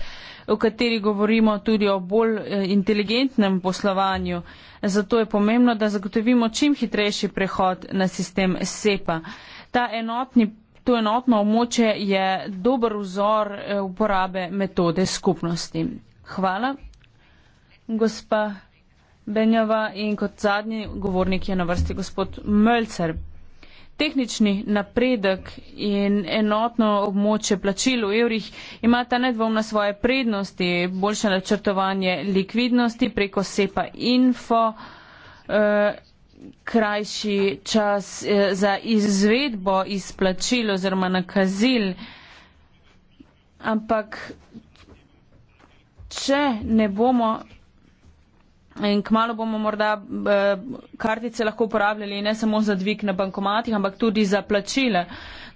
v kateri govorimo tudi o bolj eh, inteligentnem poslovanju. Zato je pomembno, da zagotovimo čim hitrejši prehod na sistem SEPA. Ta enotni, to enotno območje je dober vzor eh, uporabe metode skupnosti. Hvala. Gospa Benjova in kot zadnji govornik je na vrsti gospod Mölcer tehnični napredek in enotno območje plačil v evrih imata nedvomno svoje prednosti, boljše načrtovanje likvidnosti preko SEPA info, eh, krajši čas eh, za izvedbo izplačil oziroma nakazil. Ampak, če ne bomo In kmalo bomo morda eh, kartice lahko uporabljali ne samo za dvig na bankomatih, ampak tudi za plačile.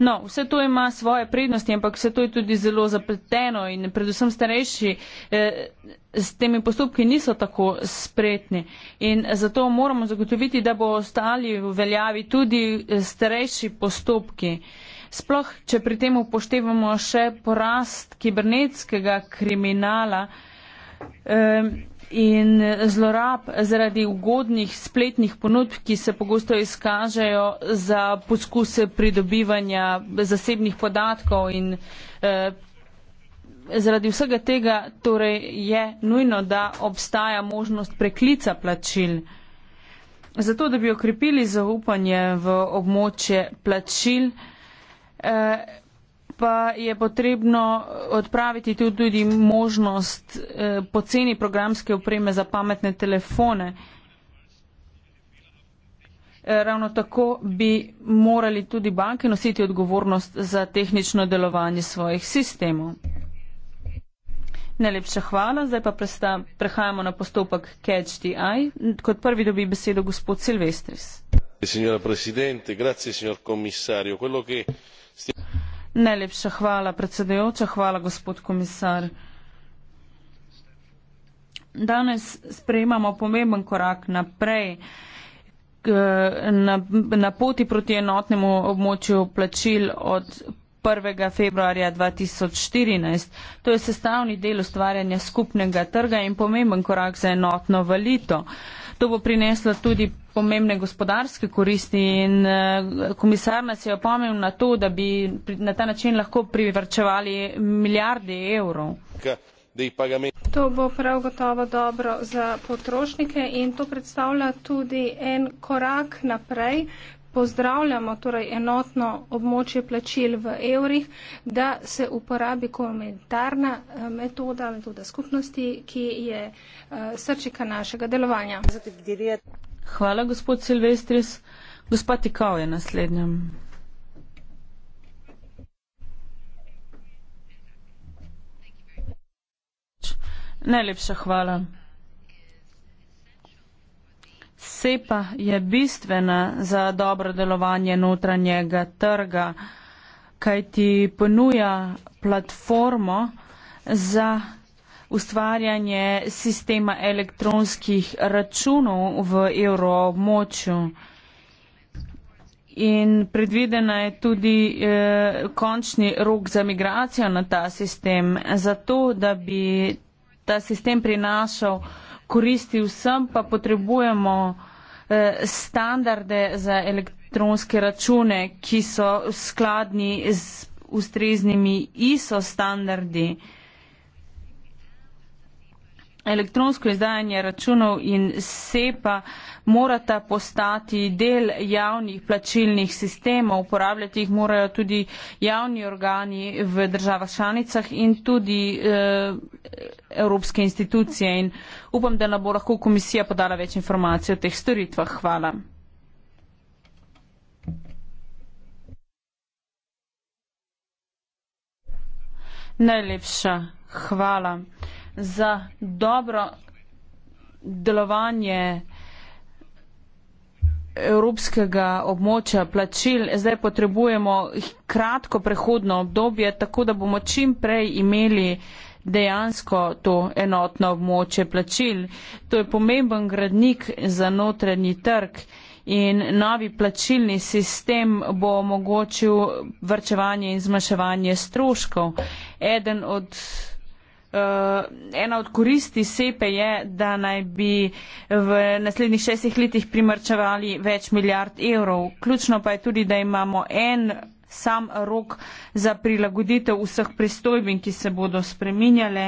No, vse to ima svoje prednosti, ampak vse to je tudi zelo zapleteno in predvsem starejši eh, s temi postopki niso tako spretni. In zato moramo zagotoviti, da bo ostali v veljavi tudi eh, starejši postopki. Sploh, če pri tem upoštevamo še porast kibernetskega kriminala. Eh, in zlorab zaradi ugodnih spletnih ponudb, ki se pogosto izkažejo za poskuse pridobivanja zasebnih podatkov in eh, zaradi vsega tega torej je nujno, da obstaja možnost preklica plačil. Zato, da bi okrepili zaupanje v območje plačil, eh, pa je potrebno odpraviti tudi možnost eh, poceni programske opreme za pametne telefone. Eh, ravno tako bi morali tudi banke nositi odgovornost za tehnično delovanje svojih sistemov. Najlepša hvala. Zdaj pa presta, prehajamo na postopek Catch the Eye. Kot prvi dobi besedo gospod Silvestris. Signora Presidente, grazie signor Commissario. Quello che stiamo... Najlepša hvala, predsedujoča. Hvala, gospod komisar. Danes sprejemamo pomemben korak naprej na, na poti proti enotnemu območju plačil od 1. februarja 2014. To je sestavni del ustvarjanja skupnega trga in pomemben korak za enotno valito. To bo prineslo tudi pomembne gospodarske koristi in eh, komisar nas je opomnil na to, da bi na ta način lahko privrčevali milijarde evrov. To bo prav gotovo dobro za potrošnike in to predstavlja tudi en korak naprej. Pozdravljamo torej enotno območje plačil v evrih, da se uporabi komentarna eh, metoda, metoda skupnosti, ki je eh, srčika našega delovanja. Hvala, gospod Silvestris. Gospod Tikal je naslednja. Najlepša hvala. SEPA je bistvena za dobro delovanje notranjega trga, kaj ti ponuja platformo za ustvarjanje sistema elektronskih računov v evroobmočju. In predvidena je tudi eh, končni rok za migracijo na ta sistem, zato da bi ta sistem prinašal koristi vsem, pa potrebujemo eh, standarde za elektronske račune, ki so skladni z ustreznimi ISO standardi. Eh, elektronsko izdajanje računov in SEPA morata postati del javnih plačilnih sistemov, uporabljati jih morajo tudi javni organi v državah članicah in tudi e, evropske institucije. In upam, da nam bo lahko komisija podala več informacij o teh storitvah. Hvala. Najlepša hvala za dobro delovanje evropskega območja plačil. Zdaj potrebujemo kratko prehodno obdobje, tako da bomo čim prej imeli dejansko to enotno območje plačil. To je pomemben gradnik za notranji trg in novi plačilni sistem bo omogočil vrčevanje in zmaševanje stroškov. Eden od Eh, ena od koristi sepe je, da naj bi v naslednjih šestih letih primrčevali več milijard evrov. Ključno pa je tudi, da imamo en sam rok za prilagoditev vseh pristojbin, ki se bodo spreminjale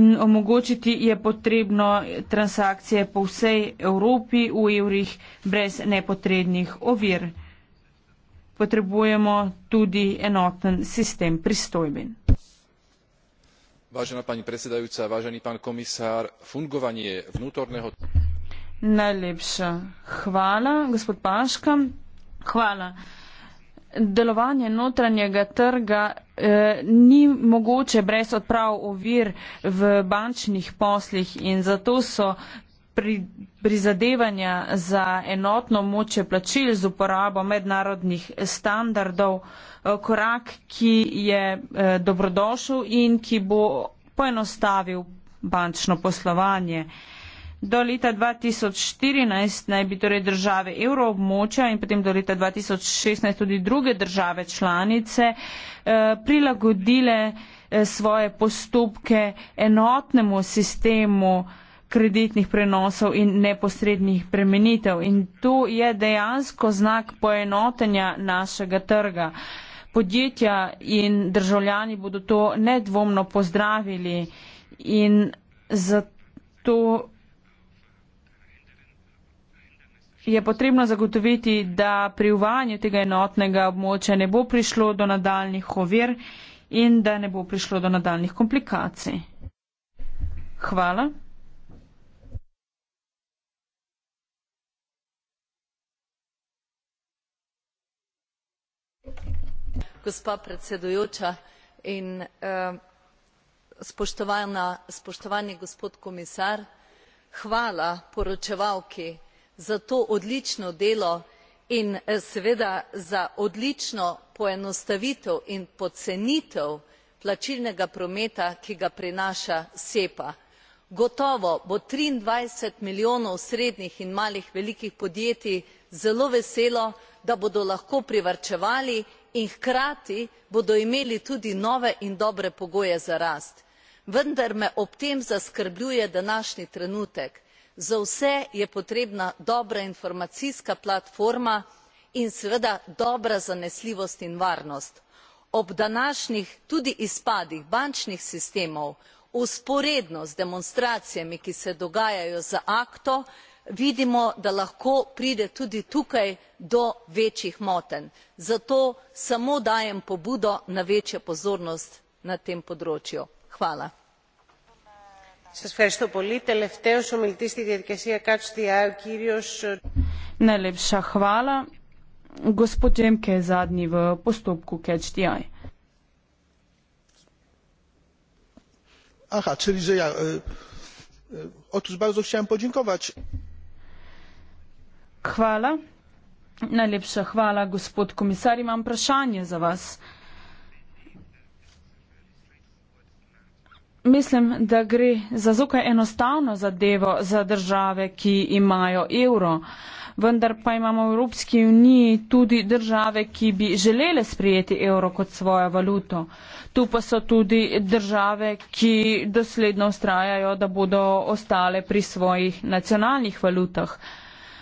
in omogočiti je potrebno transakcije po vsej Evropi v evrih brez nepotrebnih ovir. Potrebujemo tudi enoten sistem pristojbin vážená pani predsedajúca vážený pán komisár fungovanie vnútorného najlepša hvala gospod paka hvala delovanje notranjega trga eh, ni mogoče brez odprav ovir v bančnih poslih in zato so pri, prizadevanja za enotno moče plačil z uporabo mednarodnih standardov eh, korak, ki je eh, dobrodošel in ki bo poenostavil bančno poslovanje. Do leta 2014 naj bi torej države evroobmočja in potem do leta 2016 tudi druge države članice eh, prilagodile eh, svoje postopke enotnemu sistemu eh, kreditnih prenosov in neposrednih premenitev. In tu je dejansko znak poenotenja našega trga. Podjetja in državljani bodo to nedvomno pozdravili in zato je potrebno zagotoviti, da pri uvajanju tega enotnega območja ne bo prišlo do nadaljnih ovir in da ne bo prišlo do nadaljnih komplikacij. Hvala. gospa predsedujoča in eh, spoštovani gospod komisar hvala poročevalki za to odlično delo in eh, seveda za odlično poenostavitev in pocenitev plačilnega prometa ki ga prinaša sepa. gotovo bo triindvajset milijonov srednjih in malih velikih podjetij zelo veselo da bodo lahko privarčevali in hkrati bodo imeli tudi nove in dobre pogoje za rast vendar me ob tem zaskrbljuje današnji trenutek za vse je potrebna dobra informacijska platforma in seveda dobra zanesljivost in varnost ob današnjih tudi izpadih bančnih sistemov vzporedno z demonstracijami ki se dogajajo z akto vidimo da lahko pride tudi tukaj do večjih motenj zato samo dajem pobudo na večjo pozornost na tem področju. najlepša hvala gospod jemke je zadnji v postopku catch the eye. aha czyli że ja e, e, otóż bardzo chciałem podziękować Hvala. Najlepša hvala, gospod komisar. Imam vprašanje za vas. Mislim, da gre za zokaj enostavno zadevo za države, ki imajo evro, vendar pa imamo v Evropski uniji tudi države, ki bi želele sprijeti evro kot svojo valuto. Tu pa so tudi države, ki dosledno ustrajajo, da bodo ostale pri svojih nacionalnih valutah.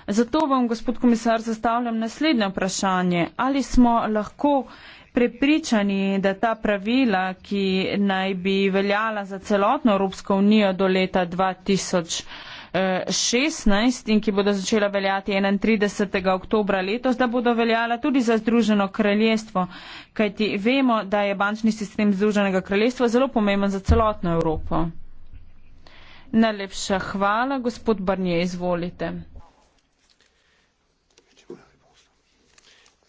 Zato vam, gospod komisar, zastavljam naslednje vprašanje. Ali smo lahko prepričani, da ta pravila, ki naj bi veljala za celotno Evropsko unijo do leta 2016 in ki bodo začela veljati 31. oktobra letos, da bodo veljala tudi za Združeno kraljestvo, kajti vemo, da je bančni sistem Združenega kraljestva zelo pomemben za celotno Evropo. Najlepša hvala, gospod Barnje, izvolite.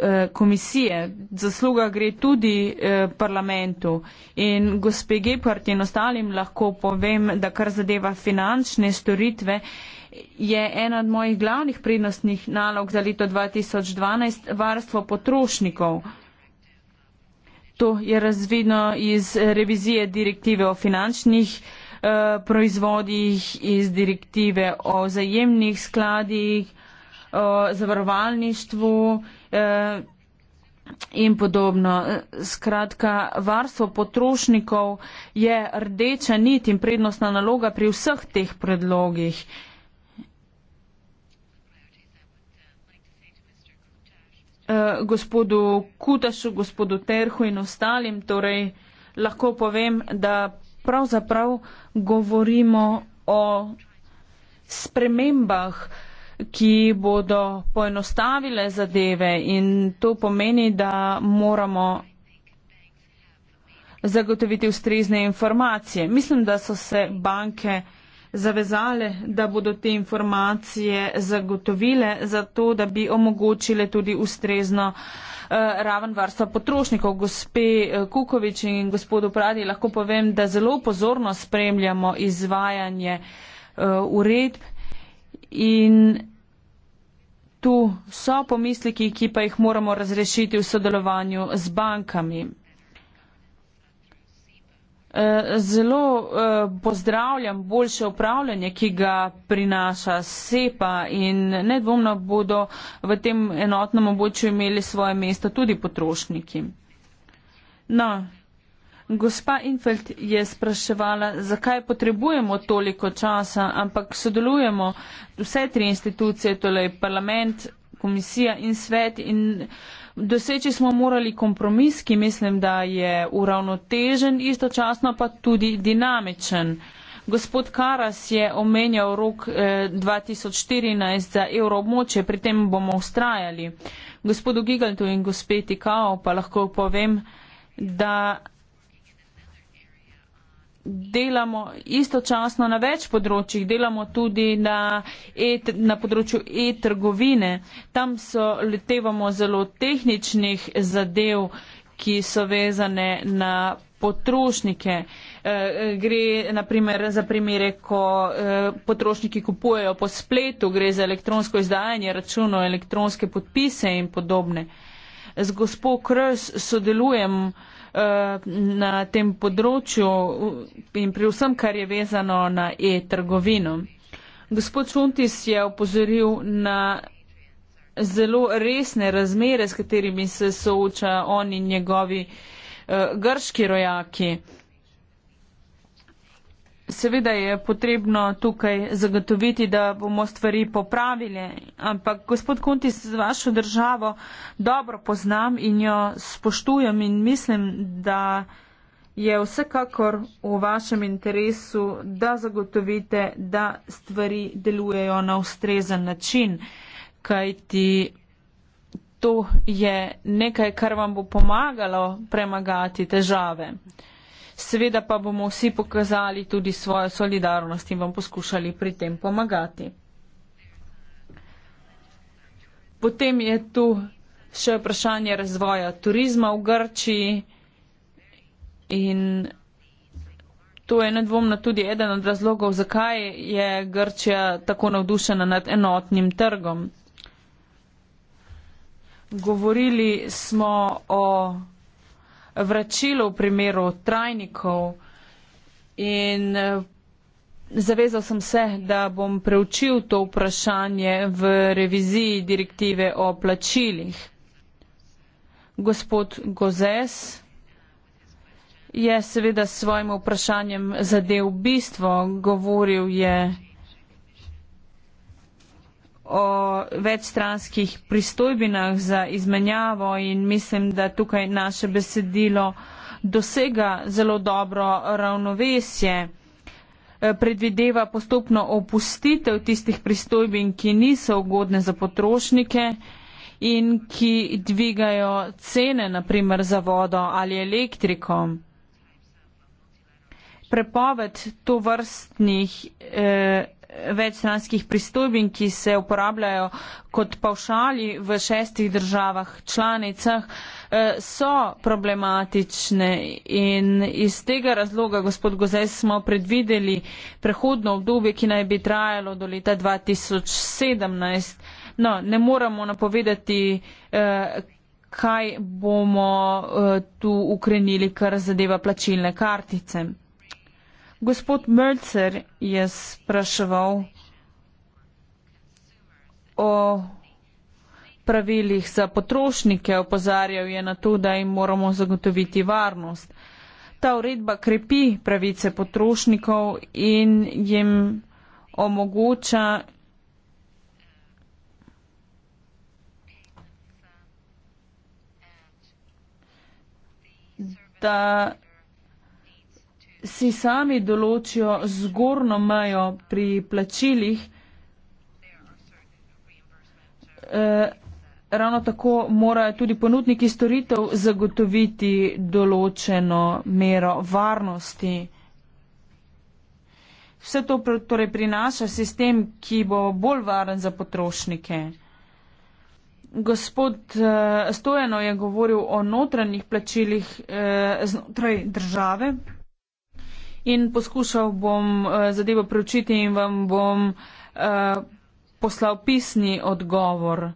Eh, komisije. Zasluga gre tudi eh, parlamentu. In gospe Gepard in ostalim lahko povem, da kar zadeva finančne storitve, je ena od mojih glavnih prednostnih nalog za leto 2012 varstvo potrošnikov. To je razvidno iz revizije direktive o finančnih eh, proizvodih, iz direktive o zajemnih skladih zavarovalništvu e, in podobno. Skratka, varstvo potrošnikov je rdeča nit in prednostna naloga pri vseh teh predlogih. E, gospodu Kutašu, gospodu Terhu in ostalim, torej lahko povem, da pravzaprav govorimo o spremembah, ki bodo poenostavile zadeve in to pomeni, da moramo zagotoviti ustrezne informacije. Mislim, da so se banke zavezale, da bodo te informacije zagotovile za to, da bi omogočile tudi ustrezno eh, raven varstva potrošnikov. Gospe eh, Kukovič in gospodu Pradi lahko povem, da zelo pozorno spremljamo izvajanje eh, uredb. Uh, in tu so pomisliki, ki pa jih moramo razrešiti v sodelovanju z bankami. Eh, zelo eh, pozdravljam boljše upravljanje, ki ga prinaša SEPA in nedvomno bodo v tem enotnem območju imeli svoje mesto tudi potrošniki. No, Gospa Infeld je spraševala, zakaj potrebujemo toliko časa, ampak sodelujemo vse tri institucije, torej parlament, komisija in svet in doseči smo morali kompromis, ki mislim, da je uravnotežen, istočasno pa tudi dinamičen. Gospod Karas je omenjal rok 2014 eh, za evroobmoče, pri tem bomo ustrajali. Gospodu Gigaltu in gospeti Kao pa lahko povem, da delamo istočasno na več področjih, delamo tudi na, e, na področju e-trgovine. Tam so letevamo zelo tehničnih zadev, ki so vezane na potrošnike. Eh, eh, gre naprimer za primere, ko eh, potrošniki kupujejo po spletu, gre za elektronsko izdajanje računov, elektronske podpise in podobne. Z gospod Krs sodelujem. Eh, na tem področju in pri vsem, kar je vezano na e-trgovino. Gospod Šuntis je upozoril na zelo resne razmere, s katerimi se sooča on in njegovi uh, grški rojaki. Seveda je potrebno tukaj zagotoviti, da bomo stvari popravili, ampak gospod Kunti, z vašo državo dobro poznam in jo spoštujem in mislim, da je vsekakor v vašem interesu, da zagotovite, da stvari delujejo na ustrezen način, kajti to je nekaj, kar vam bo pomagalo premagati težave. Seveda pa bomo vsi pokazali tudi svojo solidarnost in vam poskušali pri tem pomagati. Potem je tu še vprašanje razvoja turizma v Grčiji in to je nedvomno tudi eden od razlogov, zakaj je Grčija tako navdušena nad enotnim trgom. Govorili smo o vračilo v primeru trajnikov in eh, zavezal sem se, da bom preučil to vprašanje v reviziji direktive o plačilih. Gospod Gozes je seveda s svojim vprašanjem zadev bistvo, govoril je o večstranskih pristojbinah za izmenjavo in mislim, da tukaj naše besedilo dosega zelo dobro ravnovesje, e, predvideva postopno opustitev tistih pristojbin, ki niso ugodne za potrošnike in ki dvigajo cene, naprimer za vodo ali elektriko. Prepoved to vrstnih eh, večstranskih pristojbin, ki se uporabljajo kot pavšali v šestih državah članicah, eh, so problematične in iz tega razloga, gospod Gozaj, smo predvideli prehodno obdobje, ki naj bi trajalo do leta 2017. No, ne moramo napovedati, eh, kaj bomo eh, tu ukrenili, kar zadeva plačilne kartice. Gospod Mölcer je spraševal o pravilih za potrošnike, opozarjal je na to, da jim moramo zagotoviti varnost. Ta uredba krepi pravice potrošnikov in jim omogoča da si sami določijo zgornjo mejo pri plačilih, eh, ravno tako morajo tudi ponudniki storitev zagotoviti določeno mero varnosti. Vse to torej prinaša sistem, ki bo bolj varen za potrošnike. Gospod eh, Stojano je govoril o notranjih plačilih eh, znotraj države in poskušal bom uh, zadevo preučiti in vam bom uh, poslal pisni odgovor.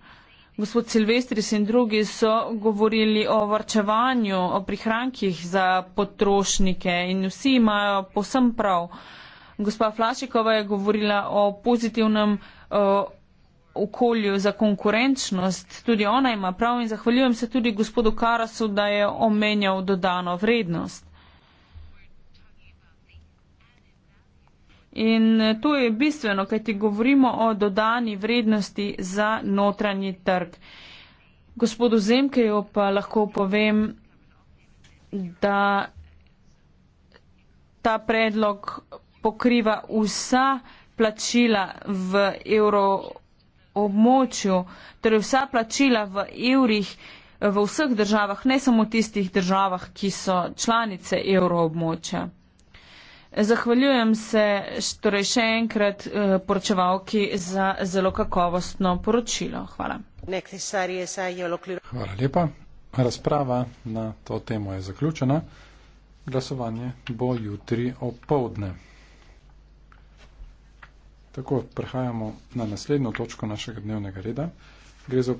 Gospod Silvestris in drugi so govorili o varčevanju, o prihrankih za potrošnike in vsi imajo posem prav. Gospa Flašikova je govorila o pozitivnem uh, okolju za konkurenčnost. Tudi ona ima prav in zahvaljujem se tudi gospodu Karasu, da je omenjal dodano vrednost. In eh, to je bistveno, kaj ti govorimo o dodani vrednosti za notranji trg. Gospodu Zemkeju pa lahko povem, da ta predlog pokriva vsa plačila v euroobmočju, torej vsa plačila v evrih v vseh državah, ne samo tistih državah, ki so članice euroobmočja. Zahvaljujem se torej še enkrat eh, poročevalki za zelo kakovostno poročilo. Hvala. Hvala lepa. Razprava na to temo je zaključena. Glasovanje bo jutri opovdne. Tako prehajamo na naslednjo točko našega dnevnega reda. Gre za